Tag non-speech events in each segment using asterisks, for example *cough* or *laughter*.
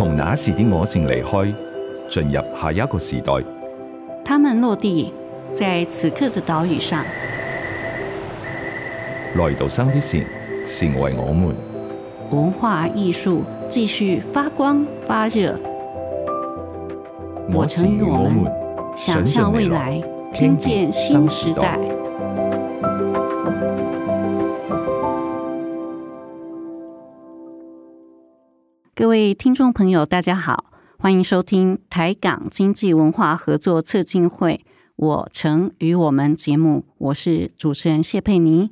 從那時的我城離開，進入下一個時代。他們落地在此刻的島嶼上，來到生的善成為我們。文化藝術繼續發光發熱。我城與我們，想象未來，聽見新時代。各位聽眾朋友，大家好，歡迎收聽台港經濟文化合作策進會、我城與我們節目，我是主持人謝佩霓。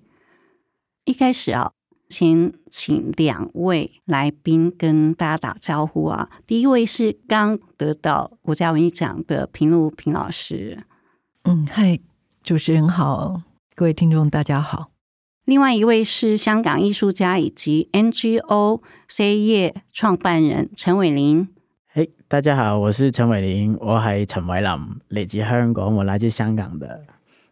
一開始啊、哦，先請兩位來賓跟大家打招呼啊。第一位是剛得到國家文藝獎的平路平老師。嗯，嗨，主持人好，各位聽眾大家好。另外一位是香港藝術家以及 NGO CEO 創辦人陳偉霖。哎，hey, 大家好，我是陳偉霖，我係陳偉霖，嚟自香港，我來自香港的，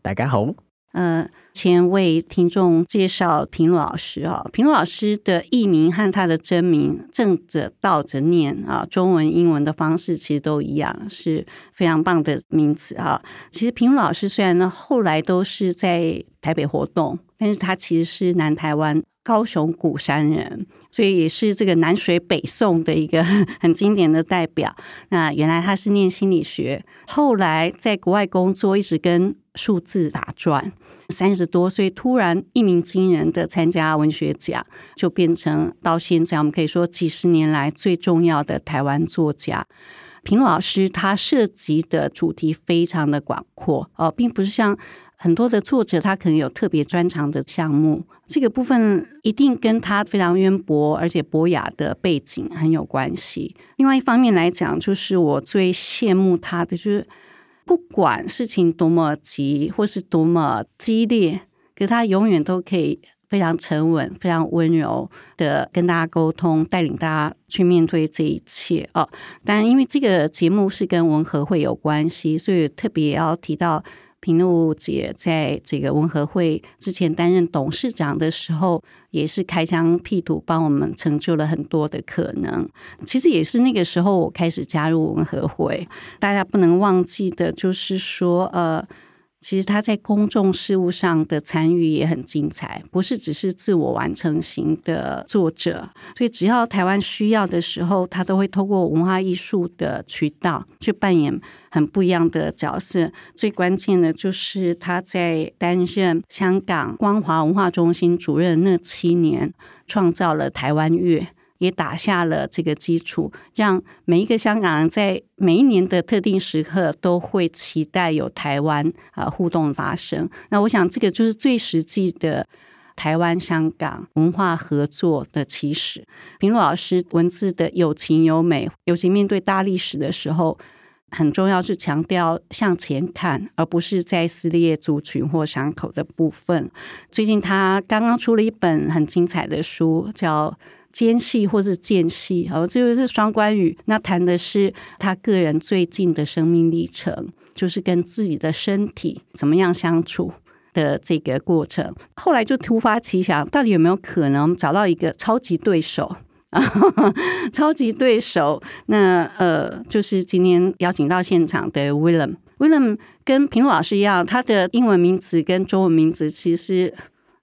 大家好。呃，先為聽眾介紹平路老師啊，平路老師的藝名和他的真名正着倒着念啊，中文、英文的方式其實都一樣，是非常棒的名字哈。其實平路老師雖然呢後來都是在台北活動，但是他其實是南台灣高雄鼓山人，所以也是這個南水北宋的一個很經典的代表。那原來他是念心理學，後來在國外工作，一直跟數字打轉。三十多歲突然一鳴驚人的參加文學獎，就變成到現在我們可以說幾十年來最重要的台灣作家。平老師他涉及的主題非常的廣闊哦、呃，並不是像很多的作者他可能有特別專長的項目。這個部分一定跟他非常淵博，而且博雅的背景很有關係。另外一方面來講，就是我最羨慕他的，就是不管事情多麼急或是多麼激烈，可是他永遠都可以非常沉穩、非常溫柔的跟大家溝通，帶領大家去面對這一切啊。但因為這個節目是跟文和會有關係，所以特別要提到。平路姐在這個文和會之前擔任董事長的時候，也是開疆闢土，幫我們成就了很多的可能。其實也是那個時候，我開始加入文和會。大家不能忘記的就是說，呃，其實他在公眾事務上的參與也很精彩，不是只是自我完成型的作者。所以，只要台灣需要的時候，他都會透過文化藝術的渠道去扮演。很不一樣的角色，最關鍵的就是他在擔任香港光華文化中心主任那七年，創造了台灣月，也打下了這個基礎，讓每一個香港人在每一年的特定時刻都會期待有台灣啊互動發生。那我想，這個就是最實際的台灣香港文化合作的起始。平路老師文字的有情有美，尤其面對大歷史的時候。很重要是強調向前看，而不是在撕裂族群或傷口的部分。最近他剛剛出了一本很精彩的書，叫《間隙或是間隙》，哦，就是雙關語。那談的是他個人最近的生命歷程，就是跟自己的身體怎麼樣相處的這個過程。後來就突發奇想，到底有沒有可能找到一個超級對手？ *laughs* 超級對手那，那呃，就是今天邀請到現場的 William，William 跟平路老師一樣，他的英文名字跟中文名字其實。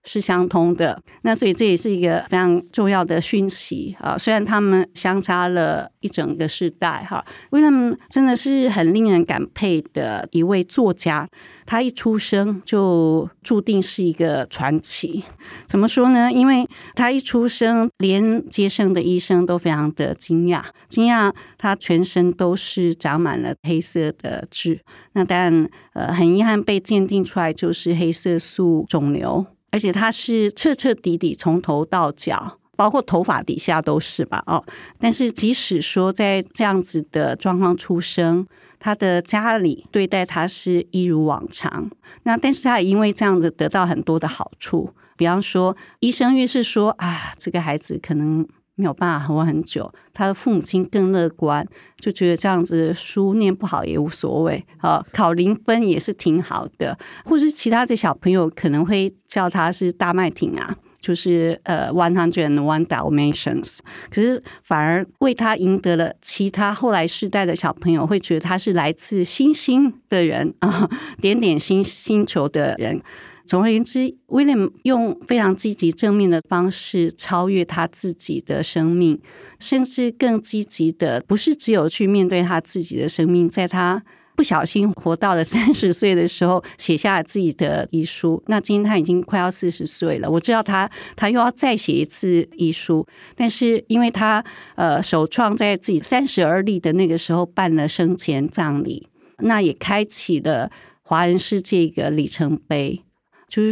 是相通的，那所以這也是一個非常重要的訊息啊。雖然他們相差了一整個世代哈，偉霖真的是很令人感佩的一位作家。他一出生就注定是一個傳奇，怎麼說呢？因為他一出生，連接生的醫生都非常的驚訝，驚訝他全身都是長滿了黑色的痣。那但呃，很遺憾被鑑定出來就是黑色素腫瘤。而且他是徹徹底底從頭到腳，包括頭髮底下都是吧？哦，但是即使說在這樣子的狀況出生，他的家裡對待他是一如往常。那但是他也因為這樣子得到很多的好處，比方說醫生越是說啊，這個孩子可能。沒有辦法活很久，他的父母親更樂觀，就覺得這樣子書唸不好也無所謂，啊，考零分也是挺好的，或是其他的小朋友可能會叫他是大麥町啊，就是呃 one hundred and one Dalmatians，可是反而為他贏得了其他後來世代的小朋友會覺得他是來自星星的人啊，點點星星球的人。總而言之，威廉用非常積極正面的方式超越他自己的生命，甚至更積極的，不是只有去面對他自己的生命。在他不小心活到了三十歲的時候，寫下了自己的遺書。那今天他已經快要四十歲了，我知道他，他又要再寫一次遺書。但是，因為他呃，首創在自己三十而立的那個時候辦了生前葬禮，那也開啟了華人世界一個里程碑。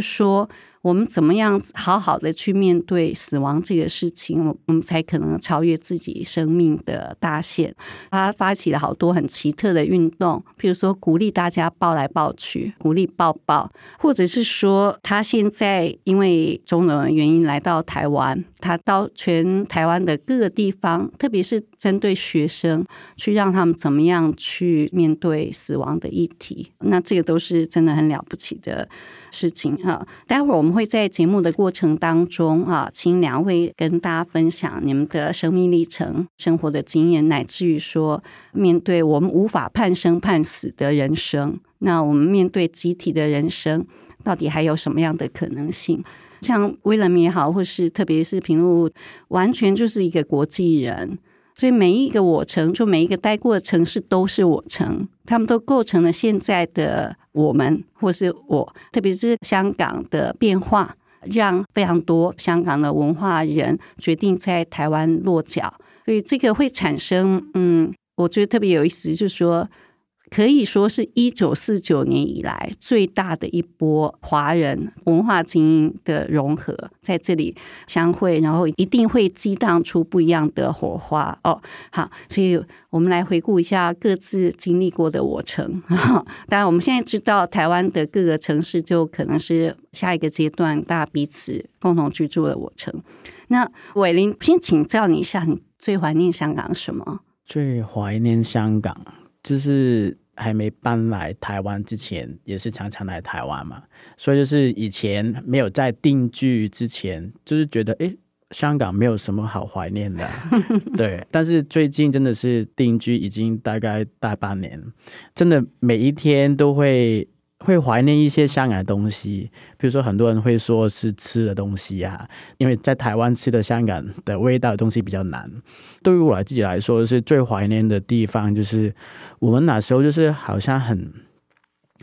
就是說，我們怎麼樣好好的去面對死亡這個事情，我們才可能超越自己生命的大限。他發起了好多很奇特的運動，譬如說鼓勵大家抱來抱去，鼓勵抱抱，或者是說他現在因為種種原因來到台灣，他到全台灣的各個地方，特別是針對學生，去讓他們怎麼樣去面對死亡的議題。那這個都是真的很了不起的事情哈，待會兒我們。會在節目的過程當中啊，請兩位跟大家分享你們的生命歷程、生活的經驗，乃至於說面對我們無法判生判死的人生，那我們面對集體的人生，到底還有什麼樣的可能性？像偉霖也好，或是特別是平路，完全就是一個國際人，所以每一個我城，就每一個待過的城市都是我城，他們都構成了現在的。我們或是我，特別是香港的變化，讓非常多香港的文化人決定在台灣落腳，所以這個會產生，嗯，我覺得特別有意思，就是說。可以說是一九四九年以來最大的一波華人文化精英，的融合在這裡相會，然後一定會激盪出不一樣的火花哦。好，所以我們來回顧一下各自經歷過的我城。當然，我們現在知道台灣的各個城市就可能是下一個階段大家彼此共同居住的我城。那偉霖，先請教你一下，你最懷念香港什麼？最懷念香港就是。還沒搬來台灣之前，也是常常來台灣嘛，所以就是以前沒有在定居之前，就是覺得誒、欸，香港沒有什麼好懷念的，啊， *laughs* 對。但是最近真的是定居已經大概大半年，真的每一天都會。會懷念一些香港的東西，比如說很多人會說是吃的東西啊，因為在台灣吃的香港的味道的東西比較難。對於我自己來說，是最懷念的地方就是我們那時候就是好像很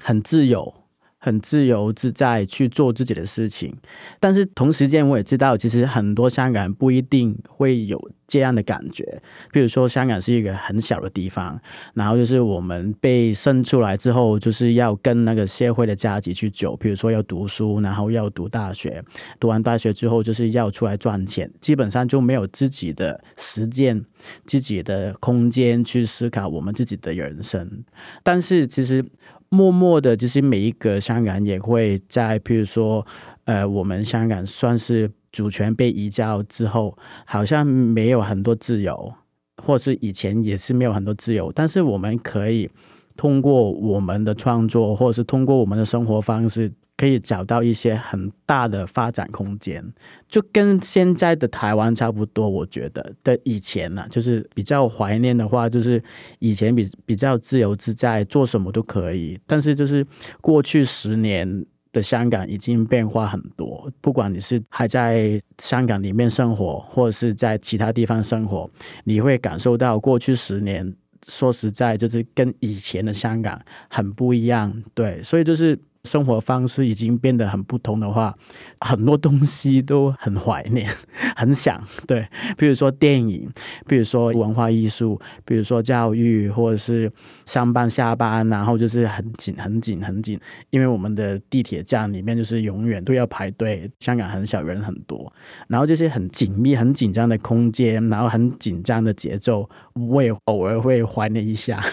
很自由。很自由自在去做自己的事情，但是同時間我也知道，其實很多香港人不一定會有這樣的感覺。比如說，香港是一個很小的地方，然後就是我們被生出來之後，就是要跟那個社會的階級去走。比如說，要讀書，然後要讀大學，讀完大學之後就是要出來賺錢，基本上就沒有自己的時間，自己的空間去思考我們自己的人生。但是其實。默默的，就是每一個香港人也會在，譬如說，呃，我們香港算是主權被移交之後，好像沒有很多自由，或是以前也是沒有很多自由，但是我們可以通過我們的創作，或者是通過我們的生活方式。可以找到一些很大的發展空間，就跟現在的台灣差不多。我覺得的以前呢、啊，就是比較懷念的話，就是以前比比較自由自在，做什麼都可以。但是就是過去十年的香港已經變化很多，不管你是還在香港裡面生活，或者是在其他地方生活，你會感受到過去十年，說實在就是跟以前的香港很不一樣。對，所以就是。生活方式已經變得很不同的話，很多東西都很懷念，很想，對，比如說電影，比如說文化藝術，比如說教育，或者是上班下班，然後就是很緊、很緊、很緊，因為我們的地鐵站裡面就是永遠都要排隊。香港很小，人很多，然後這些很緊密、很緊張的空間，然後很緊張的節奏，我也偶爾會懷念一下。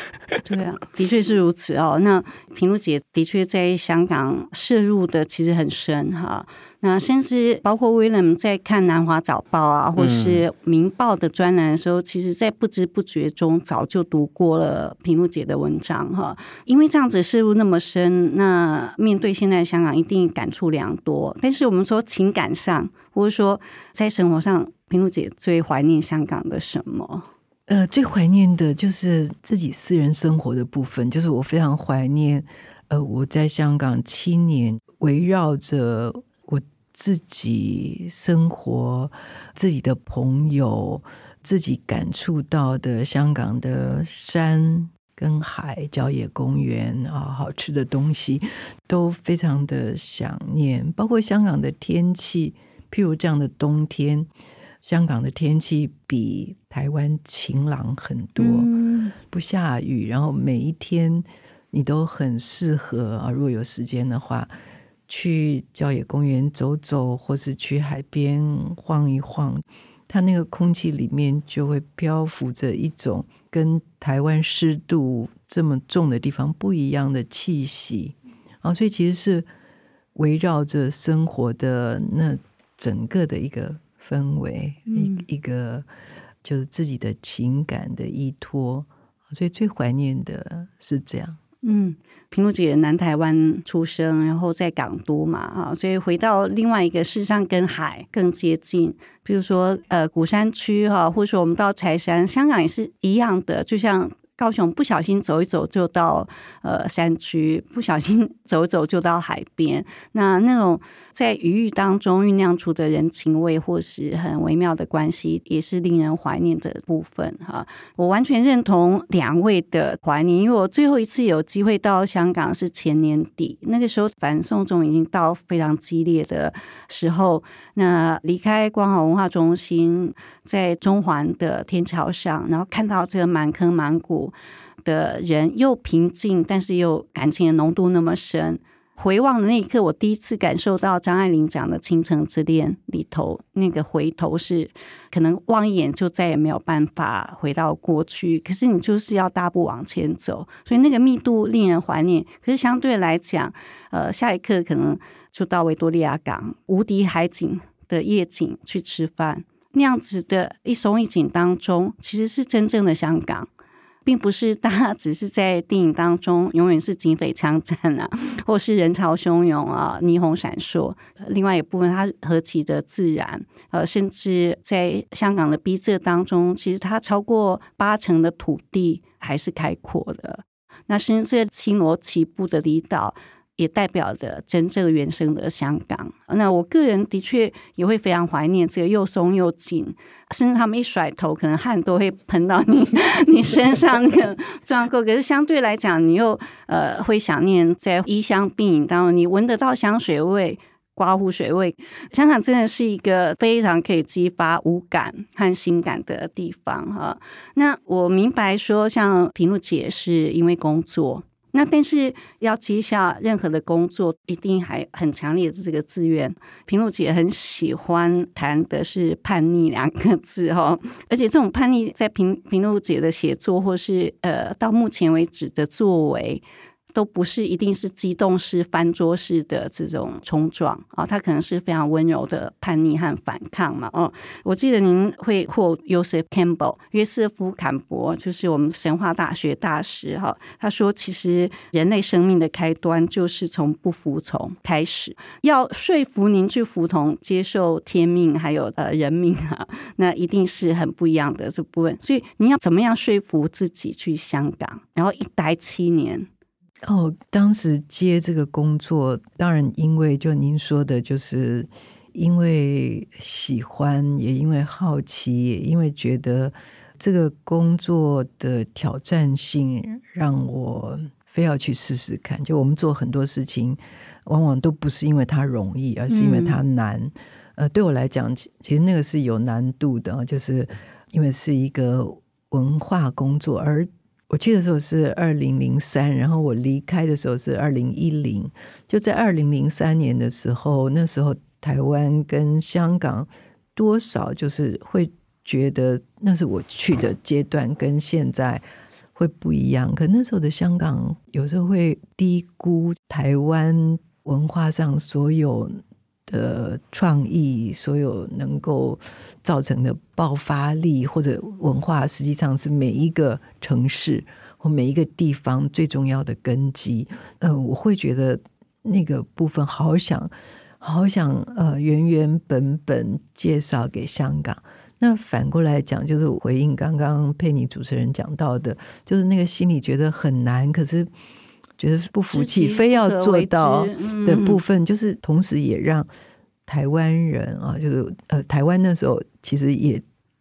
對啊，的確是如此哦。那。平路姐的確在香港涉入的其實很深哈，那甚至包括威廉在看南華早報啊，或是《明報》的專欄的時候，其實在不知不覺中早就讀過了平路姐的文章哈。因為這樣子涉入那麼深，那面對現在的香港一定感觸良多。但是我們說情感上，或者說在生活上，平路姐最懷念香港的什麼？呃，最懷念的就是自己私人生活的部分，就是我非常懷念，呃，我在香港七年，圍繞着我自己生活、自己的朋友、自己感觸到的香港的山跟海、郊野公園啊、哦，好吃的東西，都非常的想念，包括香港的天氣，譬如這樣的冬天。香港的天氣比台灣晴朗很多，嗯、不下雨，然後每一天你都很適合啊。如果有時間的話，去郊野公園走走，或是去海邊晃一晃，它那個空氣裡面就會漂浮着一種跟台灣濕度這麼重的地方不一樣的氣息啊。所以其實是圍繞着生活的那整個的一個。氛圍一一個就是自己的情感的依托，所以最懷念的是這樣。嗯，平路姐南台灣出生，然後在港都嘛，啊，所以回到另外一個世上跟海更接近，比如說呃鼓山區哈，或者說我們到柴山，香港也是一樣的，就像。高雄不小心走一走就到呃山區，不小心走一走就到海邊。那那種在漁域當中醞釀出的人情味，或是很微妙的關係，也是令人懷念的部分哈、啊。我完全認同兩位的懷念，因為我最後一次有機會到香港是前年底，那個時候反送中已經到非常激烈的時候。那離開光華文化中心，在中環的天橋上，然後看到這個滿坑滿谷的人，又平靜，但是又感情的濃度那麼深。回望的那一刻，我第一次感受到張愛玲講的《傾城之戀》裡頭那個回頭是，可能望一眼就再也沒有辦法回到過去。可是你就是要大步往前走，所以那個密度令人懷念。可是相對來講，呃，下一刻可能。就到維多利亞港無敵海景的夜景去吃飯，那樣子的一鬆一緊當中，其實是真正的香港，並不是大家只是在電影當中永遠是警匪槍戰啊，或是人潮洶湧啊，霓虹閃爍。另外一部分，它何其的自然，呃，甚至在香港的逼仄當中，其實它超過八成的土地還是開闊的。那甚至這星羅棋布的離島。也代表着真正原生的香港。那我個人的確也會非常懷念這個又鬆又緊，甚至他們一甩頭，可能汗都會噴到你你身上那個狀況。 *laughs* 可是相對來講，你又呃會想念在衣香鬢影當中，你聞得到香水味、刮鬍水味。香港真的是一個非常可以激發五感和性感的地方哈，那我明白說，像平路姐是因為工作。那但是要接下任何的工作，一定還很強烈的這個自願。平路姐很喜歡談的是叛逆兩個字哈、哦，而且這種叛逆在平平路姐的寫作或是呃到目前為止的作為。都不是一定是激動式、翻桌式的這種衝撞啊，哦、他可能是非常溫柔的叛逆和反抗嘛。哦，我記得您會 quote Joseph Campbell，約瑟夫坎伯就是我們神話大學大師哈、哦。他說，其實人類生命的開端就是從不服從開始。要說服您去服從、接受天命，還有呃人命、哦、那一定是很不一樣的這部分。所以，您要怎麼樣說服自己去香港，然後一待七年？哦，當時接這個工作，當然因為就您說的，就是因為喜歡，也因為好奇，也因為覺得這個工作的挑戰性讓我非要去試試看。就我們做很多事情，往往都不是因為它容易，而是因為它難。嗯、呃，對我來講，其實那個是有難度的，就是因為是一個文化工作而。我去的時候是二零零三，然後我離開的時候是二零一零。就在二零零三年的時候，那時候台灣跟香港多少就是會覺得，那是我去的階段跟現在會不一樣。可那時候的香港有時候會低估台灣文化上所有的創意，所有能夠造成的爆發力，或者文化，實際上是每一個城市或每一個地方最重要的根基。呃，我會覺得那個部分好想好想，呃，原原本本介紹給香港。那反過來講，就是我回應剛剛佩霓主持人講到的，就是那個心裡覺得很難，可是。覺得是不服氣，非要做到的部分，嗯、就是同時也讓台灣人啊，就是呃，台灣那時候其實也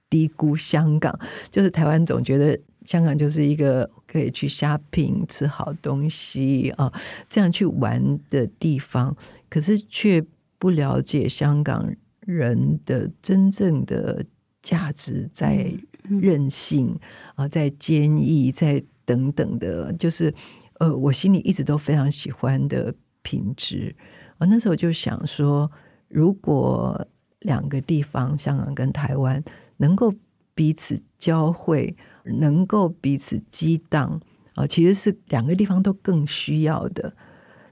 低估香港，就是台灣總覺得香港就是一個可以去 shopping、吃好東西啊這樣去玩的地方，可是卻不了解香港人的真正的價值在任性、嗯、啊，在堅毅，在等等的，就是。呃，我心裡一直都非常喜歡的品質。我、呃、那時候就想說，如果兩個地方，香港跟台灣，能夠彼此交匯，能夠彼此激盪，啊、呃，其實是兩個地方都更需要的。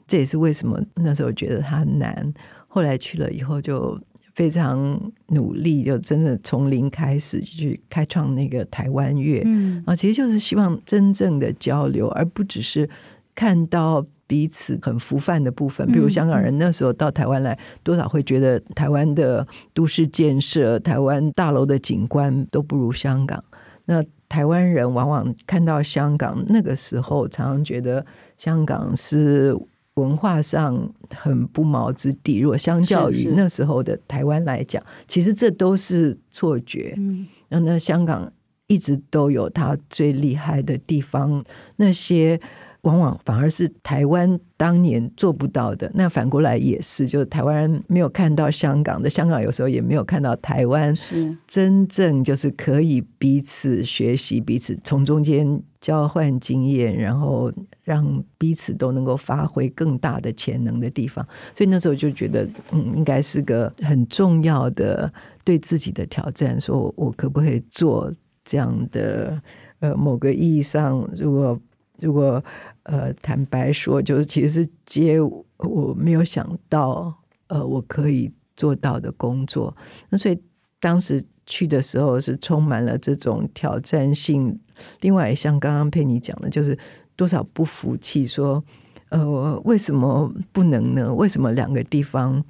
這也是為什麼那時候覺得它很難，後來去了以後就。非常努力，就真的從零開始去開創那個台灣樂，嗯啊，其實就是希望真正的交流，而不只是看到彼此很浮泛的部分。比如香港人那時候到台灣來，嗯、多少會覺得台灣的都市建設、台灣大樓的景觀都不如香港。那台灣人往往看到香港那個時候，常常覺得香港是。文化上很不毛之地，如果相較於那時候的台灣來講，是是其實這都是錯覺。嗯，那香港一直都有它最厲害的地方，那些。往往反而是台灣當年做不到的，那反過來也是，就是台灣沒有看到香港的，香港有時候也沒有看到台灣是真正就是可以彼此學習、彼此從中間交換經驗，然後讓彼此都能夠發揮更大的潛能的地方。所以那時候就覺得，嗯，應該是個很重要的對自己的挑戰，說我我可不可以做這樣的，呃，某個意義上，如果如果。呃，坦白說，就是其實接我沒有想到，呃，我可以做到的工作。那所以當時去的時候是充滿了這種挑戰性。另外，像剛剛佩霓講的，就是多少不服氣，說，呃，為什麼不能呢？為什麼兩個地方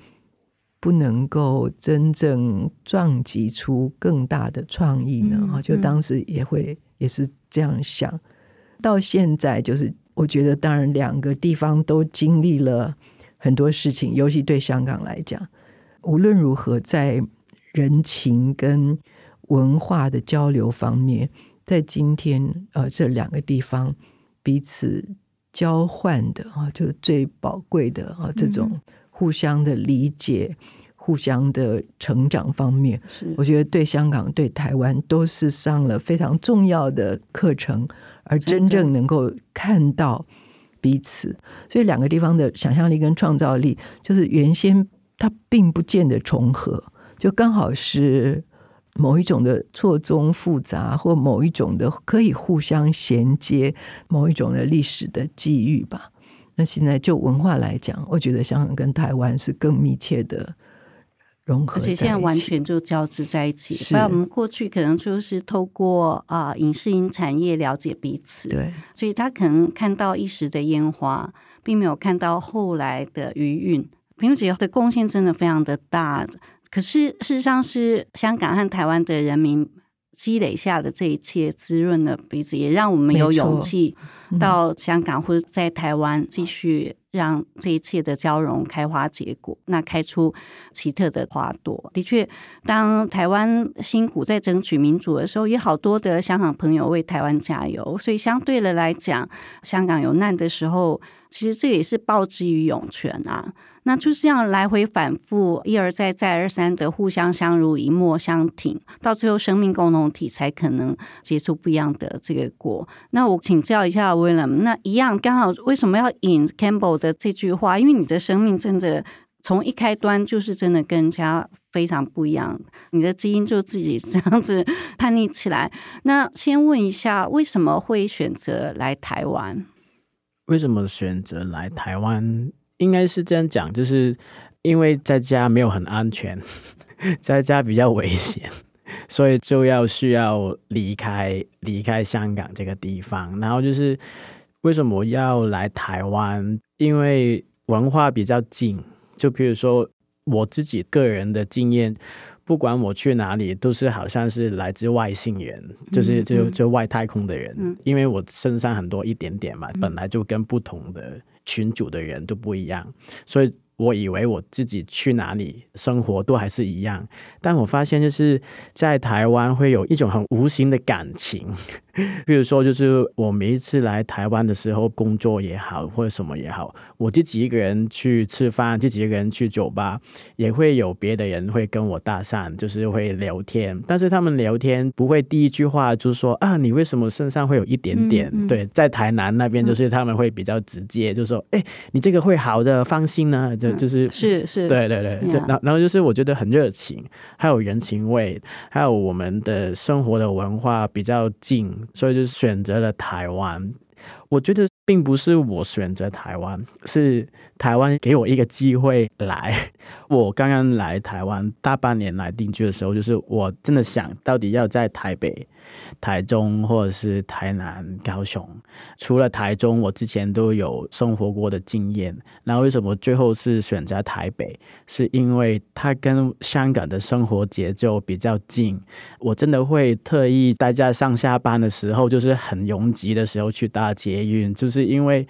不能夠真正撞擊出更大的創意呢？啊、嗯，嗯、就當時也會也是這樣想，到現在就是。我覺得，當然，兩個地方都經歷了很多事情，尤其對香港來講，無論如何，在人情跟文化的交流方面，在今天，呃，這兩個地方彼此交換的啊、哦，就是最寶貴的啊、哦，這種互相的理解。嗯嗯互相的成長方面，是我覺得對香港、對台灣都是上了非常重要的課程，而真正能夠看到彼此，所以兩個地方的想象力跟創造力，就是原先它並不見得重合，就剛好是某一種的錯綜複雜，或某一種的可以互相銜接，某一種的歷史的際遇吧。那現在就文化來講，我覺得香港跟台灣是更密切的。融合，而且現在完全就交織在一起。是不然我們過去可能就是透過啊、呃、影視音產業了解彼此，對。所以他可能看到一時的煙花，並沒有看到後來的餘韻。平路姐的貢獻真的非常的大，可是事實上是香港和台灣的人民積累下的這一切滋潤了彼此，也讓我們有勇氣到香港或者在台灣繼續。讓這一切的交融開花結果，那開出奇特的花朵。的確，當台灣辛苦在爭取民主的時候，也好多的香港朋友為台灣加油。所以相對的來講，香港有難的時候，其實這也是報之於湧泉啊。那就是要來回反複，一而再、再而三的互相相濡以沫、相挺，到最後生命共同體才可能結出不一樣的這個果。那我請教一下 William，那一樣剛好為什麼要引 Campbell 的這句話？因為你的生命真的從一開端就是真的跟人家非常不一樣，你的基因就自己這樣子叛逆起來。那先問一下，為什麼會選擇來台灣？為什麼選擇來台灣？應該是這樣講，就是因為在家沒有很安全， *laughs* 在家比較危險，所以就要需要離開離開香港這個地方。然後就是為什麼要來台灣？因為文化比較近。就比如說我自己個人的經驗，不管我去哪裡，都是好像是來自外星人，就是就就外太空的人，嗯嗯、因為我身上很多一點點嘛，本來就跟不同的。群組的人都不一樣，所以我以為我自己去哪裡生活都還是一樣，但我發現就是在台灣會有一種很無形的感情。比如說，就是我每一次來台灣的時候，工作也好，或者什麼也好，我自己一個人去吃飯，自己一個人去酒吧，也會有別的人會跟我搭訕，就是會聊天。但是他們聊天不會第一句話就是說啊，你為什麼身上會有一點點？嗯嗯、對，在台南那邊就是他們會比較直接，就是說，哎、嗯欸，你這個會好的，放心呢。就就是是、嗯、是，是對，對對對。然後、嗯、然後就是我覺得很熱情，還有人情味，還有我們的生活的文化比較近。所以就選擇了台灣。我覺得並不是我選擇台灣，是。台灣給我一個機會來，我剛剛來台灣大半年來定居的時候，就是我真的想到底要在台北、台中或者是台南、高雄。除了台中，我之前都有生活過的經驗。那為什麼最後是選擇台北？是因為它跟香港的生活節奏比較近。我真的會特意待在上下班的時候，就是很擁擠的時候去搭捷運，就是因為。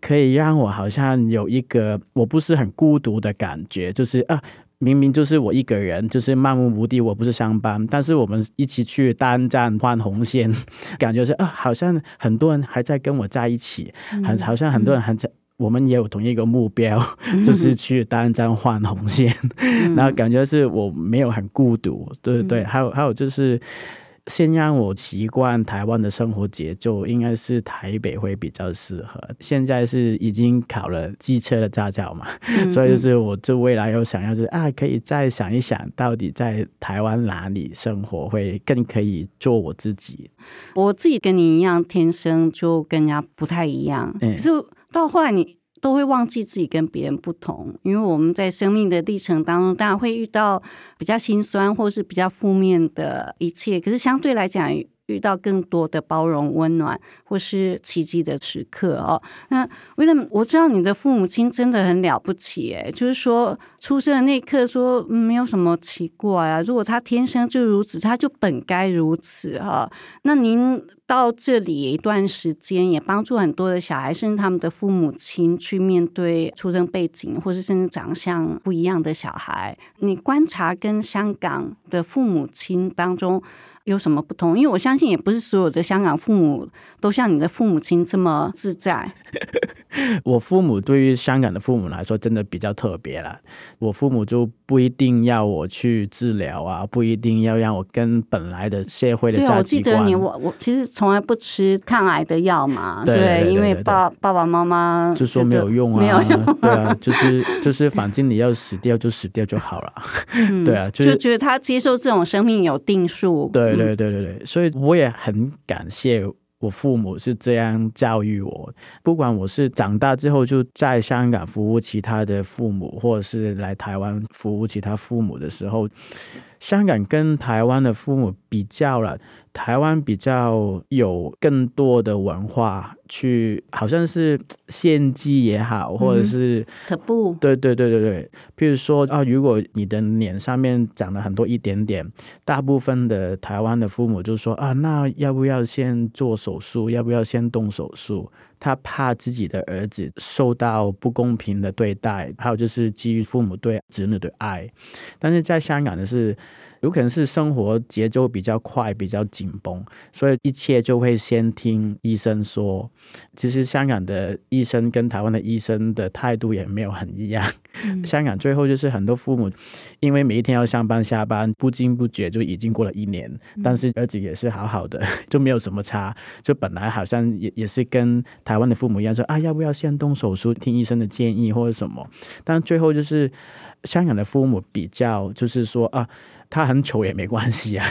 可以讓我好像有一個我不是很孤獨的感覺，就是啊，明明就是我一個人，就是漫無目的。我不是上班，但是我們一起去單站換紅線，感覺是啊，好像很多人還在跟我在一起，很、嗯、好像很多人很在，嗯、我們也有同一個目標，就是去單站換紅線。嗯、然後感覺是我沒有很孤獨，對對對。嗯、還有還有就是，先讓我習慣台灣的生活節奏，應該是台北會比較適合。現在是已經考了機車的駕照嘛，嗯嗯，所以就是我就未來有想要就是啊，可以再想一想，到底在台灣哪裡生活會更可以做我自己。我自己跟你一樣，天生就跟人家不太一樣，嗯，可是到後來你。都會忘記自己跟別人不同，因為我們在生命的歷程當中，當然會遇到比較心酸或是比較負面的一切，可是相對來講遇到更多的包容、溫暖，或是奇蹟的時刻哦。那威廉我知道你的父母親真的很了不起，欸，誒，就是說出生的那一刻說，說沒有什麼奇怪啊。如果他天生就如此，他就本該如此哈、啊。那您到這裡一段時間，也幫助很多的小孩，甚至他們的父母親去面對出生背景，或是甚至長相不一樣的小孩。你觀察跟香港的父母親當中，有什麼不同？因為我相信也不是所有的香港父母都像你的父母親這麼自在。 *laughs* 我父母對於香港的父母來說，真的比較特別了。我父母就不一定要我去治療啊，不一定要讓我跟本來的社會的對。我記得你我我其實從來不吃抗癌的藥嘛，對，對，對，對，對，對，因為爸對對對爸爸媽媽、啊、就說沒有用啊，沒有用啊，就是就是反正你要死掉就死掉就好了， *laughs* 嗯、對啊，就是，就覺得他接受這種生命有定數，對。對對對對，所以我也很感謝我父母是這樣教育我。不管我是長大之後就在香港服務其他的父母，或者是來台灣服務其他父母的時候。香港跟台灣的父母比較了，台灣比較有更多的文化去，去好像是獻祭也好，或者是可不，對、嗯、對對對對，譬如說啊，如果你的臉上面長了很多一點點，大部分的台灣的父母就說啊，那要不要先做手術？要不要先動手術？他怕自己的兒子受到不公平的對待，還有就是基於父母對子女的愛，但是在香港的是。有可能是生活節奏比較快，比較緊繃，所以一切就會先聽醫生說。其實香港的醫生跟台灣的醫生的態度也沒有很一樣。嗯。香港最後就是很多父母因為每一天要上班下班，不知不覺就已經過了一年，但是兒子也是好好的，就沒有什麼差。就本來好像也也是跟台灣的父母一樣說啊，要不要先動手術，聽醫生的建議或者什麼？但最後就是香港的父母比較就是說啊。他很醜也沒關係啊，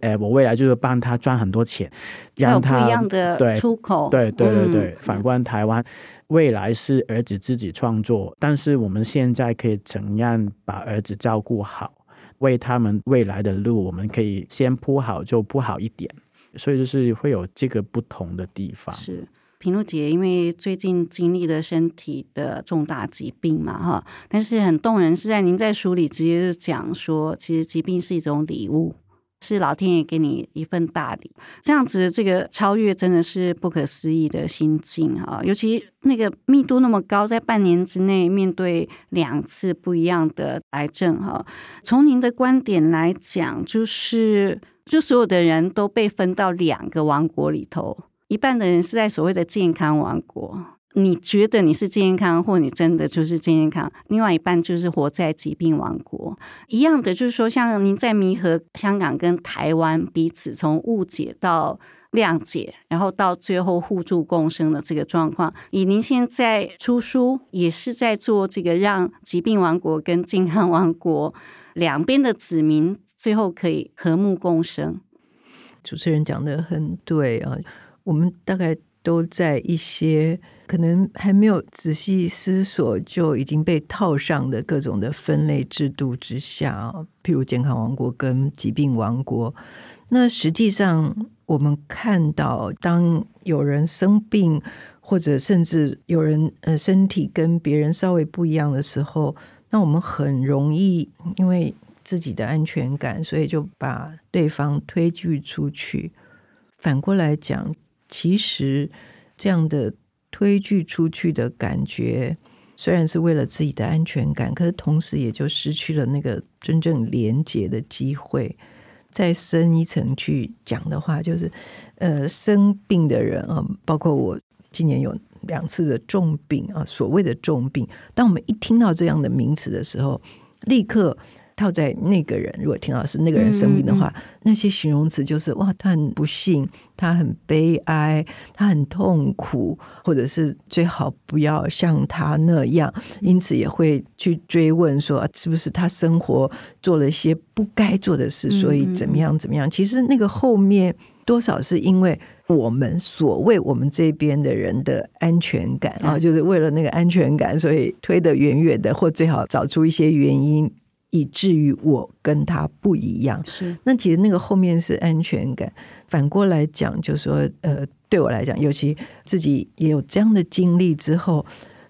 哎，我未來就是幫他賺很多錢，讓他一樣的對出口對，對對對對。嗯，反觀台灣，未來是兒子自己創作，但是我們現在可以怎樣把兒子照顧好？為他們未來的路，我們可以先鋪好，就鋪好一點。所以就是會有這個不同的地方。是。平路姐，因為最近經歷了身體的重大疾病嘛，哈，但是很動人。是在您在書裡直接就講說，其實疾病是一種禮物，是老天爺給你一份大禮。這樣子，這個超越真的是不可思議的心境哈，尤其那個密度那麼高，在半年之內面對兩次不一樣的癌症，哈。從您的觀點來講，就是就所有的人都被分到兩個王國裡頭。一半的人是在所謂的健康王國，你覺得你是健康，或你真的就是健康？另外一半就是活在疾病王國。一樣的，就是說，像您在彌合香港跟台灣彼此從誤解到諒解，然後到最後互助共生的這個狀況。以您現在出書，也是在做這個讓疾病王國跟健康王國兩邊的子民最後可以和睦共生。主持人講得很對啊。我們大概都在一些可能還沒有仔細思索就已經被套上的各種的分類制度之下，譬如健康王國跟疾病王國。那實際上，我們看到，當有人生病，或者甚至有人呃身體跟別人稍微不一樣的時候，那我們很容易因為自己的安全感，所以就把對方推拒出去。反過來講。其實，這樣的推拒出去的感覺，雖然是為了自己的安全感，可是同時也就失去了那個真正連接的機會。再深一層去講的話，就是，呃，生病的人啊，包括我今年有兩次的重病啊，所謂的重病，當我們一聽到這樣的名詞的時候，立刻。靠在那個人，如果聽到是那個人生病的話，嗯嗯嗯那些形容詞就是哇，他很不幸，他很悲哀，他很痛苦，或者是最好不要像他那樣。嗯、因此也會去追問說、啊，是不是他生活做了些不該做的事，所以怎麼樣怎麼樣？嗯嗯其實那個後面多少是因為我們所謂我們這邊的人的安全感對啊，就是為了那個安全感，所以推得遠遠的，或最好找出一些原因。以至於我跟他不一樣。是，那其實那個後面是安全感。反過來講，就是說，呃，對我來講，尤其自己也有這樣的經歷之後，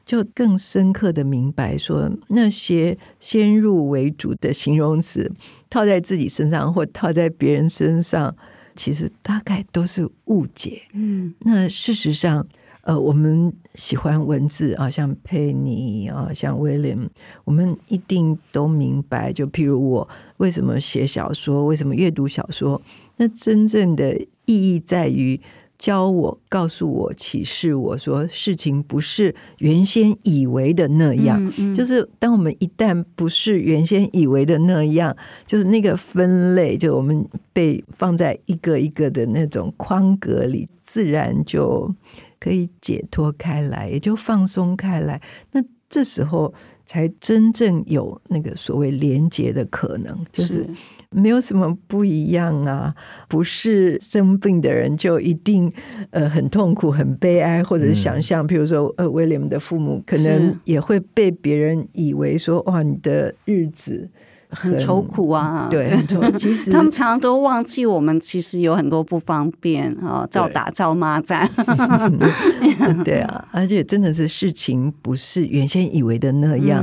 就更深刻的明白說，說那些先入為主的形容詞套在自己身上或套在別人身上，其實大概都是誤解。嗯，那事實上。呃，我們喜歡文字啊，像佩霓啊，像偉霖，我們一定都明白。就譬如我為什麼寫小說，為什麼閱讀小說，那真正的意義在於教我、告訴我、啟示我說事情不是原先以為的那樣。嗯嗯、就是當我們一旦不是原先以為的那樣，就是那個分類，就我們被放在一個一個的那種框格裡，自然就。可以解脫開來，也就放鬆開來。那這時候才真正有那個所謂連接的可能，就是沒有什麼不一樣啊。不是生病的人就一定呃很痛苦、很悲哀，或者是想象，譬、嗯、如說呃偉霖的父母可能也會被別人以為說，哇、哦，你的日子。很愁苦啊！很對很愁，其實 *laughs* 他們常常都忘記我們其實有很多不方便啊，照打對照罵媽在。 *laughs* *laughs* *laughs* 對啊，而且真的是事情不是原先以為的那樣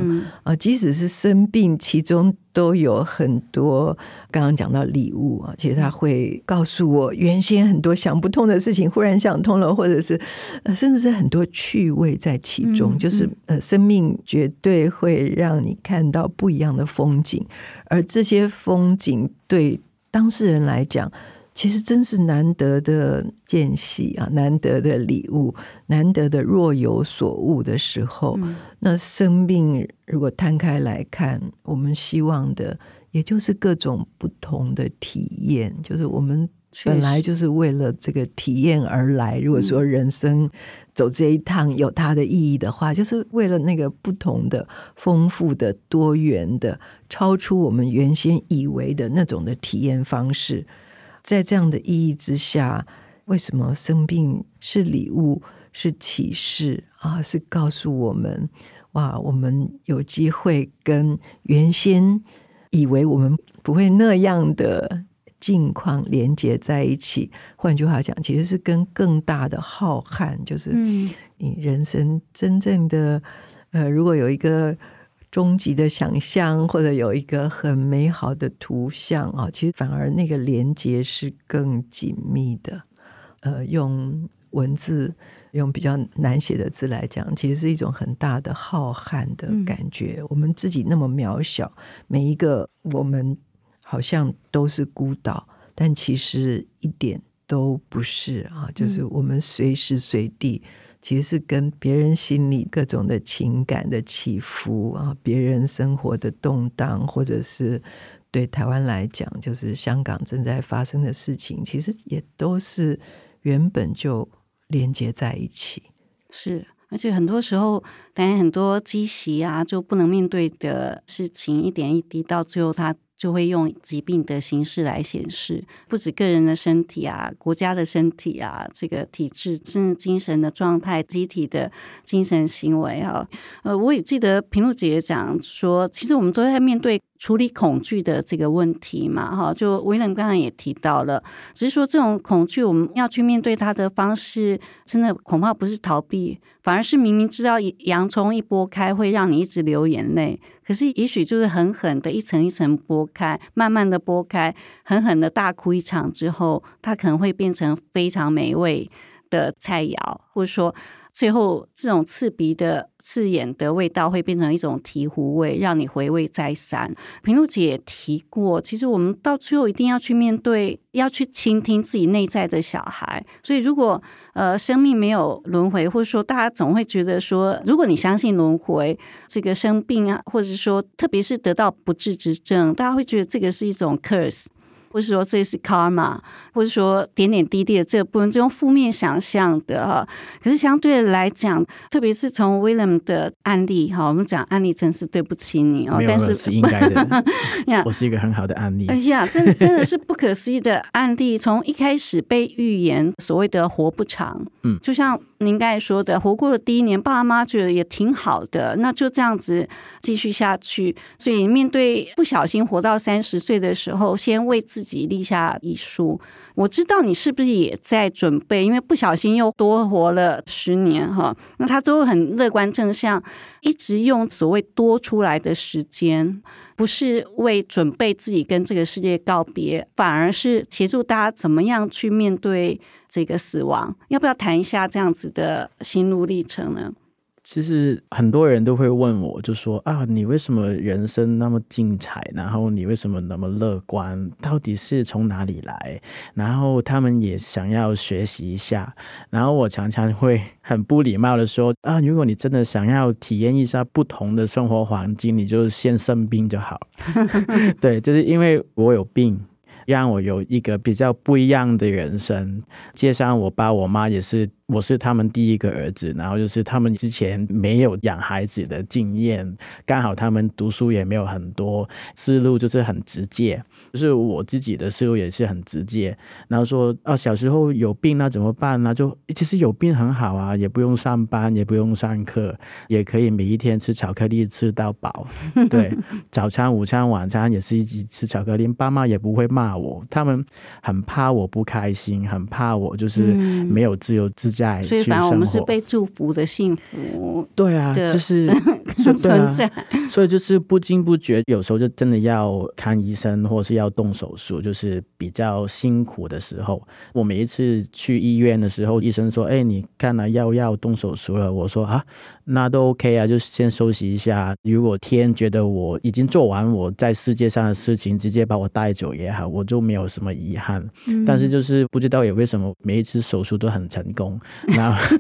啊，嗯、即使是生病，其中。都有很多剛剛講到禮物啊，其實他會告訴我原先很多想不通的事情，忽然想通了，或者是，甚至是很多趣味在其中，嗯嗯，就是呃，生命絕對會讓你看到不一樣的風景，而這些風景對當事人來講。其實真是難得的間隙啊，難得的禮物，難得的若有所悟的時候。嗯、那生命如果攤開來看，我們希望的也就是各種不同的體驗，就是我們本來就是為了這個體驗而來。確實。如果說人生走這一趟有它的意義的話，就是為了那個不同的、豐富的、多元的、超出我們原先以為的那種的體驗方式。在這樣的意義之下，為什麼生病是禮物，是啟示啊？是告訴我們，哇，我們有機會跟原先以為我們不會那樣的境況連接在一起。換句話講，其實是跟更大的浩瀚，就是你人生真正的呃，如果有一個。終極的想象，或者有一個很美好的圖像啊，其實反而那個連接是更緊密的。呃，用文字，用比較難寫的字來講，其實是一種很大的浩瀚的感覺。嗯、我們自己那麼渺小，每一個我們好像都是孤島，但其實一點都不是啊，就是我們隨時隨地。嗯其實是跟別人心裡各種的情感的起伏啊，別人生活的動盪，或者是對台灣來講，就是香港正在發生的事情，其實也都是原本就連接在一起。是，而且很多時候，當然很多積習啊，就不能面對的事情，一點一滴，到最後他。就會用疾病的形式來顯示，不止個人的身體啊，國家的身體啊，這個體質、精精神的狀態、集體的精神行為啊。呃，我也記得平路姐姐講說，其實我們都在面對。處理恐懼的這個問題嘛，哈，就偉霖剛剛也提到了，只是說這種恐懼，我們要去面對它的方式，真的恐怕不是逃避，反而是明明知道洋蔥一剝開會讓你一直流眼淚，可是也許就是狠狠的一層一層剝開，慢慢的剝開，狠狠的大哭一場之後，它可能會變成非常美味的菜餚，或者說。最後，這種刺鼻的、刺眼的味道會變成一種醍醐味，讓你回味再三。平路姐也提過，其實我們到最後一定要去面對，要去傾聽自己內在的小孩。所以，如果呃，生命沒有輪迴，或者說大家總會覺得說，如果你相信輪迴，這個生病啊，或者說特別是得到不治之症，大家會覺得這個是一種 curse。或是說這是 karma，或者說點點滴滴的這個部分，這種負面想象的哈。可是相對來講，特別是從 William 的案例哈，我們講案例真是對不起你哦，沒有，但是是應該的。 *laughs* yeah, 我是一個很好的案例。哎呀、yeah，真的真的是不可思議的案例。從 *laughs* 一開始被預言所謂的活不長，嗯，就像您剛才說的，活過了第一年，爸媽覺得也挺好的，那就這樣子繼續下去。所以面對不小心活到三十歲的時候，先為自己自己立下遺書，我知道你是不是也在準備？因為不小心又多活了十年哈，那他都很樂觀正向，一直用所謂多出來的時間，不是為準備自己跟這個世界告別，反而是協助大家怎麼樣去面對這個死亡。要不要談一下這樣子的心路歷程呢？其實很多人都會問我，就說啊，你為什麼人生那麼精彩？然後你為什麼那麼樂觀？到底是從哪裡來？然後他們也想要學習一下。然後我常常會很不禮貌的說啊，如果你真的想要體驗一下不同的生活環境，你就先生病就好。 *laughs* 對，就是因為我有病，讓我有一個比較不一樣的人生。加上我爸我媽也是。我是他們第一個兒子，然後就是他們之前沒有養孩子的經驗，剛好他們讀書也沒有很多思路，就是很直接。就是我自己的思路也是很直接，然後說啊，小時候有病那、啊、怎麼辦呢、啊？就其實有病很好啊，也不用上班，也不用上課，也可以每一天吃巧克力吃到飽。對， *laughs* 早餐、午餐、晚餐也是一起吃巧克力，爸媽也不會罵我，他們很怕我不開心，很怕我就是沒有，有自由自在、嗯。所以，反而我們是被祝福的幸福，對啊，就是存在。啊、 *laughs* 所以，就是不經不覺，有時候就真的要看醫生，或是要動手術，就是比較辛苦的時候。我每一次去醫院的時候，醫生說：“哎、欸，你看來、啊、要要動手術了。”我說：“啊，那都 OK 啊，就先休息一下。如果天覺得我已經做完我在世界上的事情，直接把我帶走也好，我就沒有什麼遺憾。嗯、但是，就是不知道也為什麼，每一次手術都很成功。 *laughs* 然後，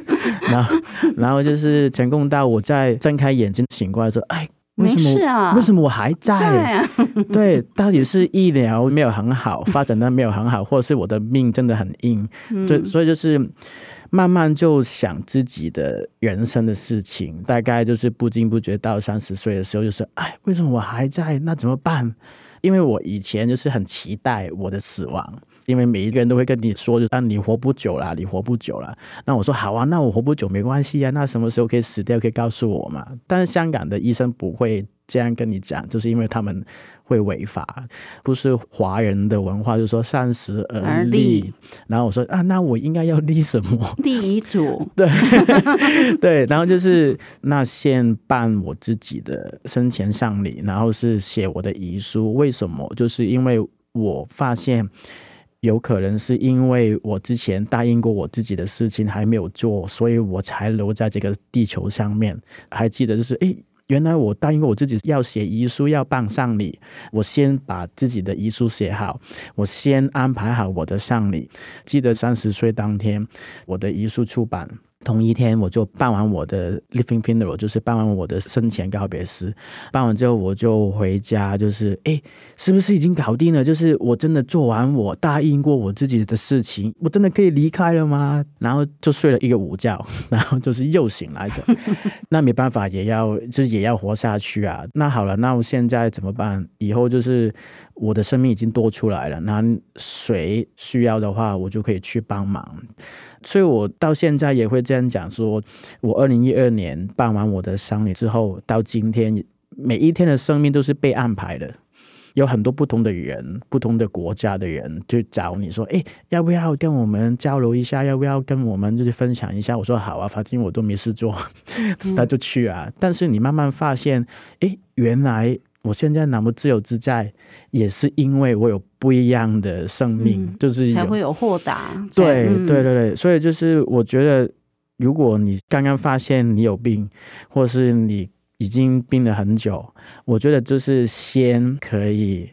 然後，然後就是成功到我再睜開眼睛醒過來，說：“哎，為什麼？沒事啊、為什麼我還在？在啊、對，到底是醫療沒有很好發展的沒有很好，或者是我的命真的很硬。就所以就是慢慢就想自己的人生的事情。大概就是不知不覺到三十歲的時候就，就是哎，為什麼我還在？那怎麼辦？因為我以前就是很期待我的死亡。”因為每一個人都會跟你說，就你活不久了，你活不久了。那我說好啊，那我活不久沒關係啊。那什麼時候可以死掉，可以告訴我嘛？但是香港的醫生不會這樣跟你講，就是因為他們會違法。不是華人的文化，就是說三十而立。而立。然後我說啊，那我應該要立什麼？立遺囑。 *laughs* 對 *laughs* 對，然後就是那先辦我自己的生前喪禮，然後是寫我的遺書。為什麼？就是因為我發現。有可能是因為我之前答應過我自己的事情還沒有做，所以我才留在這個地球上面。還記得就是，誒，原來我答應過我自己要寫遺書，要辦喪禮，我先把自己的遺書寫好，我先安排好我的喪禮。記得三十歲當天，我的遺書出版。同一天，我就辦完我的 living funeral，就是辦完我的生前告別式，辦完之後我就回家，就是哎，是不是已經搞定了？就是我真的做完我答應過我自己的事情，我真的可以離開了嗎？然後就睡了一個午覺，然後就是又醒來着， *laughs* 那沒辦法，也要就也要活下去啊。那好了，那我現在怎麼辦？以後就是。我的生命已經多出來了，那誰需要的話，我就可以去幫忙。所以我到現在也會這樣講說，我二零一二年辦完我的喪禮之後，到今天每一天的生命都是被安排的。有很多不同的人、不同的國家的人去找你說，哎，要不要跟我們交流一下？要不要跟我們就是分享一下？我說好啊，反正我都沒事做，那 *laughs* 就去啊。但是你慢慢發現，哎，原來。我現在那麼自由自在，也是因為我有不一樣的生命，嗯、就是才會有豁達。對、嗯、對對對，所以就是我覺得，如果你剛剛發現你有病，或是你已經病了很久，我覺得就是先可以。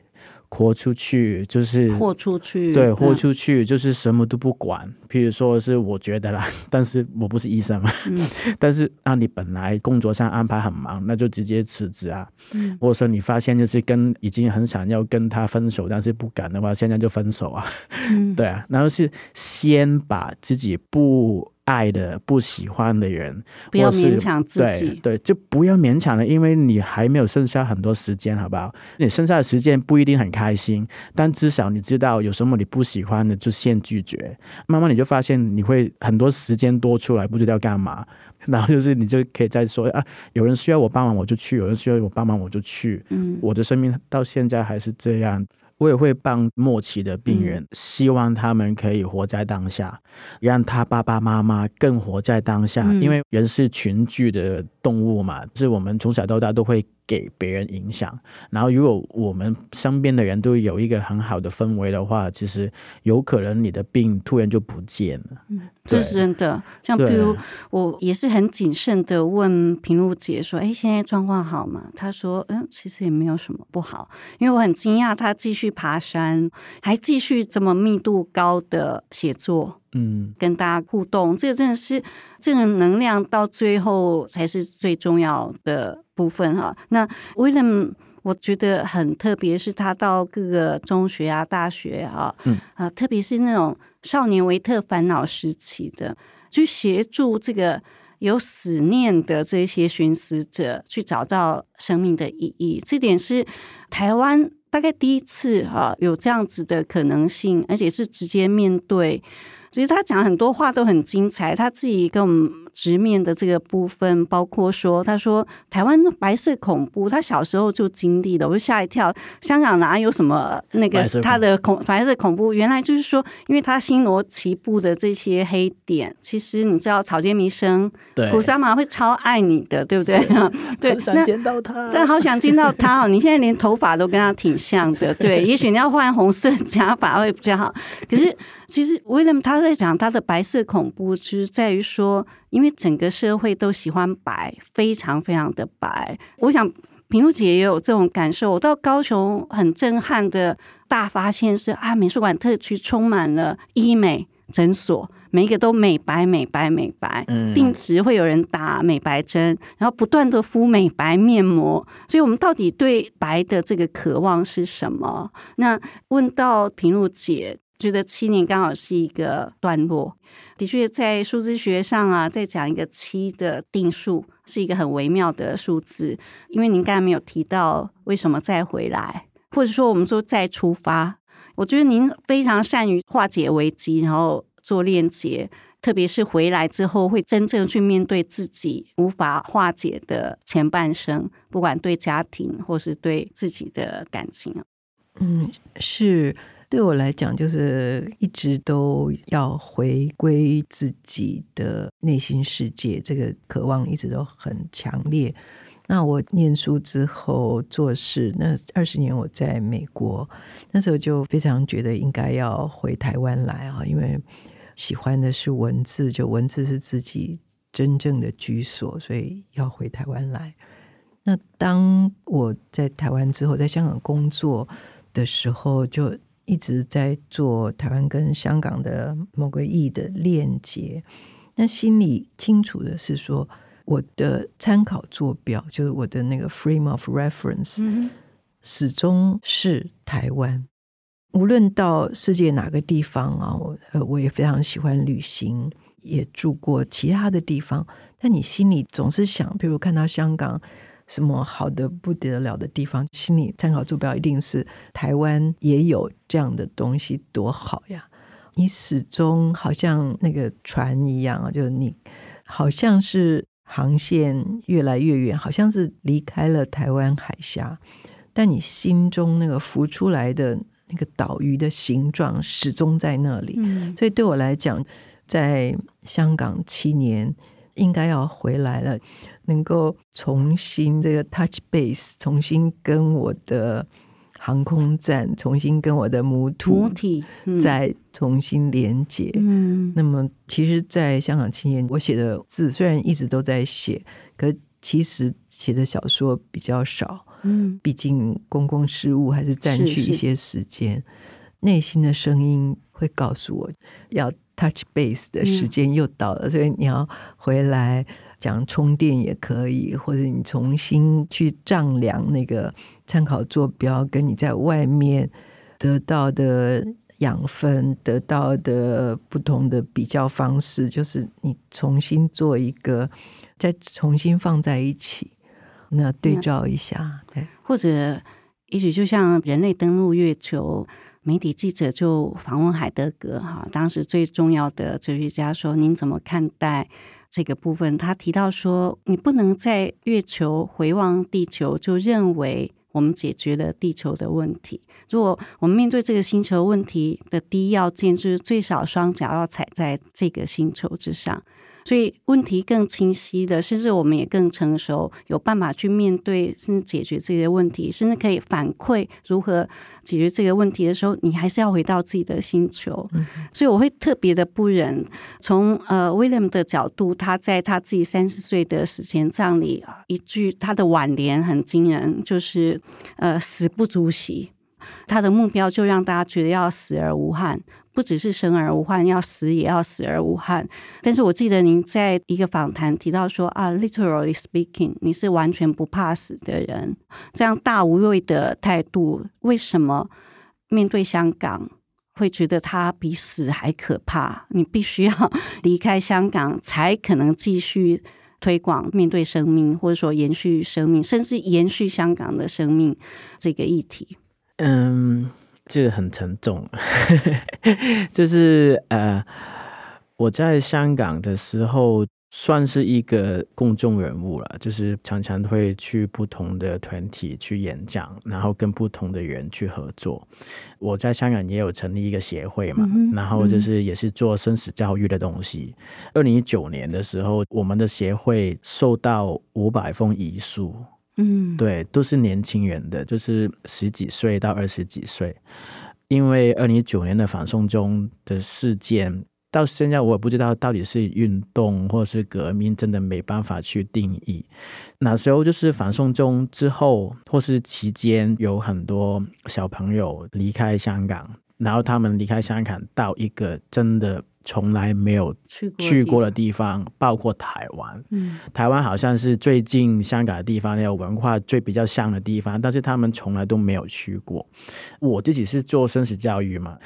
豁出去就是豁出去，對，豁出去就是什麼都不管。嗯、譬如說是我覺得啦，但是我不是醫生嘛，嗯、但是啊，你本來工作上安排很忙，那就直接辭職啊，嗯，或者說你發現就是跟已經很想要跟他分手，但是不敢的話，現在就分手啊，嗯、對啊，然後是先把自己不愛的不喜歡的人，不要勉強自己，對，對，就不要勉強了，因為你還沒有剩下很多時間，好不好？你剩下的時間不一定很開心，但至少你知道有什麼你不喜歡的就先拒絕，慢慢你就發現你會很多時間多出來，不知道要幹嘛，然後就是你就可以再說啊，有人需要我幫忙我就去，有人需要我幫忙我就去，嗯，我的生命到現在還是這樣。我也會幫末期的病人，希望他們可以活在當下，讓他爸爸媽媽更活在當下，因為人是群聚的。動物嘛，是我們從小到大都會給別人影響。然後，如果我們身邊的人都有一個很好的氛圍的話，其實有可能你的病突然就不見了。嗯，這是真的。對像比如對我也是很謹慎的問平路姐說：“哎，現在狀況好嗎？”她說：“嗯，其實也沒有什麼不好。”因為我很驚訝，她繼續爬山，還繼續這麼密度高的寫作，嗯，跟大家互動，這個真的是。這個能量到最後才是最重要的部分哈。那 William 我覺得很特別，是他到各個中學啊、大學啊，啊、嗯呃，特別是那種少年維特煩惱時期的，去協助這個有死念的這些尋死者，去找到生命的意義。這點是台灣大概第一次哈、啊，有這樣子的可能性，而且是直接面對。其實他講很多話都很精彩，他自己跟我們直面的這個部分，包括說他說台灣白色恐怖，他小時候就經歷了，我就嚇一跳。香港哪有什麼那個白色他的恐，白色恐怖，原來就是說，因為他星羅棋布的這些黑點，其實你知道草間彌生，對，古桑麻會超愛你的，對不對？對，想見到他，那 *laughs* 但好想見到他哦。你現在連頭髮都跟他挺像的，對， *laughs* 也許你要換紅色假髮會比較好。可是。其實，威廉他在講他的白色恐怖，就是在於說，因為整個社會都喜歡白，非常非常的白。我想平路姐也有這種感受。我到高雄很震撼的大發現是啊，美術館特區充滿了醫美診所，每一個都美白、美白、美白，定時會有人打美白針，然後不斷的敷美白面膜。所以我們到底對白的這個渴望是什麼？那問到平路姐。覺得七年剛好是一個段落，的確，在數字學上啊，再講一個七的定數，是一個很微妙的數字。因為您剛才沒有提到為什麼再回來，或者說我們說再出發，我覺得您非常善於化解危機，然後做鏈接，特別是回來之後會真正去面對自己無法化解的前半生，不管對家庭或是對自己的感情。嗯，是。對我來講，就是一直都要回歸自己的內心世界，這個渴望一直都很強烈。那我念書之後做事，那二十年我在美國，那時候就非常覺得應該要回台灣來啊，因為喜歡的是文字，就文字是自己真正的居所，所以要回台灣來。那當我在台灣之後，在香港工作的時候，就。一直在做台灣跟香港的某個意義的鏈接，那心裡清楚的是說，我的參考坐標就是我的那個 frame of reference，、嗯、哼始終是台灣。無論到世界哪個地方啊，我也非常喜歡旅行，也住過其他的地方。但你心裡總是想，譬如看到香港。什麼好得不得了的地方？心裡參考坐標一定是台灣也有這樣的東西，多好呀！你始終好像那個船一樣啊，就是你好像是航線越來越遠，好像是離開了台灣海峽，但你心中那個浮出來的那個島嶼的形狀始終在那裡。嗯、所以對我來講，在香港七年，應該要回來了。能夠重新這個 touch base，重新跟我的航空站，重新跟我的母體再重新連接。嗯，那麼其實，在香港期間，我寫的字雖然一直都在寫，可其實寫的小說比較少。嗯，畢竟公共事務還是佔據一些時間。是是，內心的聲音會告訴我要 touch base 的時間又到了，嗯，所以你要回來。講充電也可以，或者你重新去丈量那個參考坐標，跟你在外面得到的養分、得到的不同的比較方式，就是你重新做一個，再重新放在一起，那對照一下，嗯、對。或者也許就像人類登陸月球，媒體記者就訪問海德格，哈，當時最重要的哲學家說：“您怎麼看待？”這個部分，他提到說，你不能在月球回望地球，就認為我們解決了地球的問題。如果我們面對這個星球問題的第一要件，就是最少雙腳要踩在這個星球之上。所以問題更清晰的，甚至我們也更成熟，有辦法去面對甚至解決這些問題，甚至可以反饋如何解決這個問題的時候，你還是要回到自己的星球。嗯、哼所以我會特別的不忍。從呃威廉的角度，他在他自己三十歲的死前葬禮，一句他的輓聯很驚人，就是呃死不足惜，他的目標就讓大家覺得要死而無憾。不只是生而無憾，要死也要死而無憾。但是我記得您在一個訪談提到說啊，literally speaking，你是完全不怕死的人。這樣大無畏的態度，為什麼面對香港會覺得它比死還可怕？你必須要離開香港，才可能繼續推廣面對生命，或者說延續生命，甚至延續香港的生命這個議題。嗯。Um 這很沉重， *laughs* 就是呃，我在香港的時候算是一個公眾人物了，就是常常會去不同的團體去演講，然後跟不同的人去合作。我在香港也有成立一個協會嘛，嗯、哼然後就是也是做生死教育的東西。二零一九年的時候，我們的協會收到五百封遺書。嗯， *noise* 對，都是年輕人的，就是十幾歲到二十幾歲，因為二零一九年的反送中的事件到現在，我也不知道到底是運動或是革命，真的沒辦法去定義。那時候就是反送中之後或是期間，有很多小朋友離開香港，然後他們離開香港到一個真的。從來沒有去過的地方，包括台灣。台灣好像是最近香港的地方，那個文化最比較像的地方，但是他們從來都沒有去過。我自己是做生死教育嘛，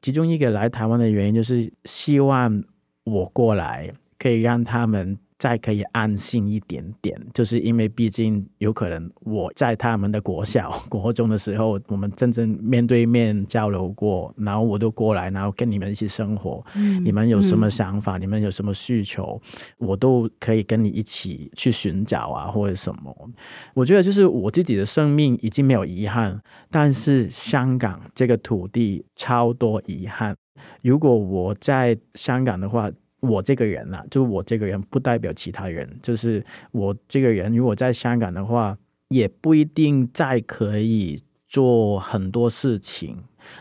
其中一個來台灣的原因就是希望我過來，可以讓他們。再可以安心一點點，就是因為畢竟有可能我在他們的國小、國中的時候，我們真正面對面交流過，然後我都過來，然後跟你們一起生活。嗯，你們有什麼想法？嗯、你們有什麼需求？我都可以跟你一起去尋找啊，或者什麼。我覺得就是我自己的生命已經沒有遺憾，但是香港這個土地超多遺憾。如果我在香港的話。我這個人吶、啊，就是、我這個人不代表其他人。就是我這個人，如果在香港的話，也不一定再可以做很多事情，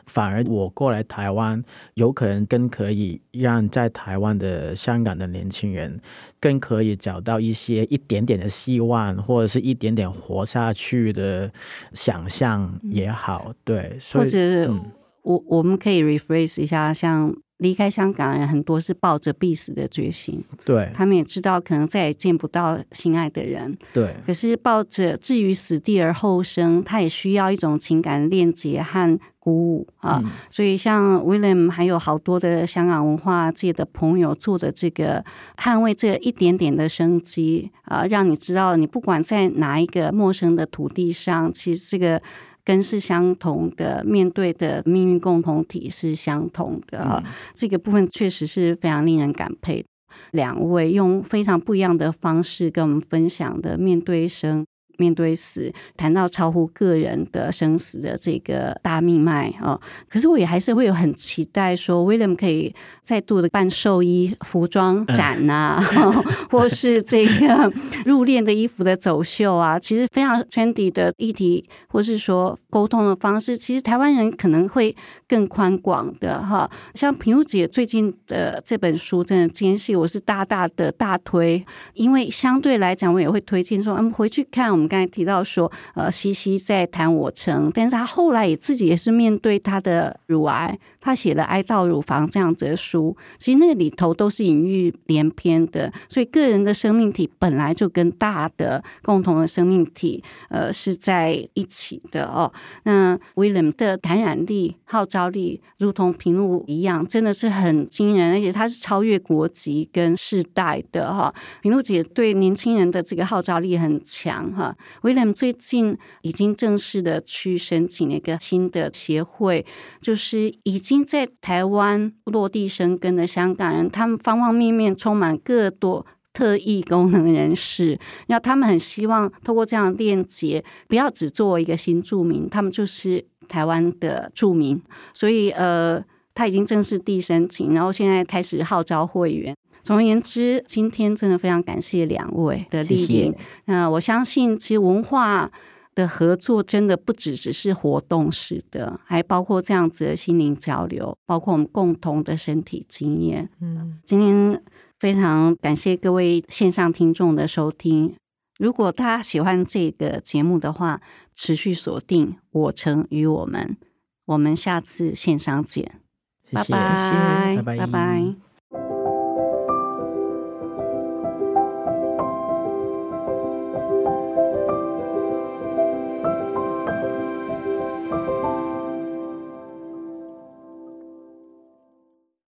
反而我過來台灣，有可能更可以讓在台灣的香港的年輕人，更可以找到一些一點點的希望，或者是一點點活下去的想象也好。對，所以或者、嗯、我我們可以 rephrase 一下，像。離開香港人很多是抱着必死的決心，對，他們也知道可能再也見不到心愛的人，對。可是抱着置於死地而後生，他也需要一種情感鏈接和鼓舞、嗯、啊。所以像 William 還有好多的香港文化界的朋友做的這個捍衛這一點點的生機啊，讓你知道你不管在哪一個陌生的土地上，其實這個。根是相同的，面對的命運共同體是相同的，嗯、這個部分確實是非常令人感佩的。兩位用非常不一樣的方式跟我們分享的面對生。面對死，談到超乎個人的生死的這個大命脈哦，可是我也還是會有很期待，說 William 可以再度的辦壽衣服裝展吶、啊， *laughs* 或是這個入殮的衣服的走秀啊，其實非常 Trendy 的議題，或是說溝通的方式，其實台灣人可能會更寬廣的哈。像平路姐最近的這本書真的，堅信我是大大的大推，因為相對來講，我也會推薦說，嗯，回去看。我們剛才提到說，呃，西西在談我城，但是他後來也自己也是面對他的乳癌。他寫了《哀悼乳房》這樣子的書，其實那裡頭都是隱喻連篇的，所以個人的生命體本來就跟大的共同的生命體，呃，是在一起的哦。那 William 的感染力、號召力，如同平路一樣，真的是很驚人，而且他是超越國籍跟世代的哈、哦。平路姐對年輕人的這個號召力很強哈。William 最近已經正式的去申請了一個新的協會，就是已經。因在台灣落地生根的香港人，他們方方面面充滿各多特異功能的人士，然後他們很希望透過這樣的鏈接不要只做一個新住民，他們就是台灣的住民。所以呃，他已經正式地申請，然後現在開始號召會員。總而言之，今天真的非常感謝兩位的蒞臨。那謝、呃、我相信，其實文化。的合作真的不只只是活動式的，還包括這樣子的心靈交流，包括我們共同的身體經驗。嗯，今天非常感謝各位線上聽眾的收聽。如果大家喜歡這個節目的話，持續鎖定我城與我們，我們下次線上見。謝謝，拜拜，謝謝拜拜。拜拜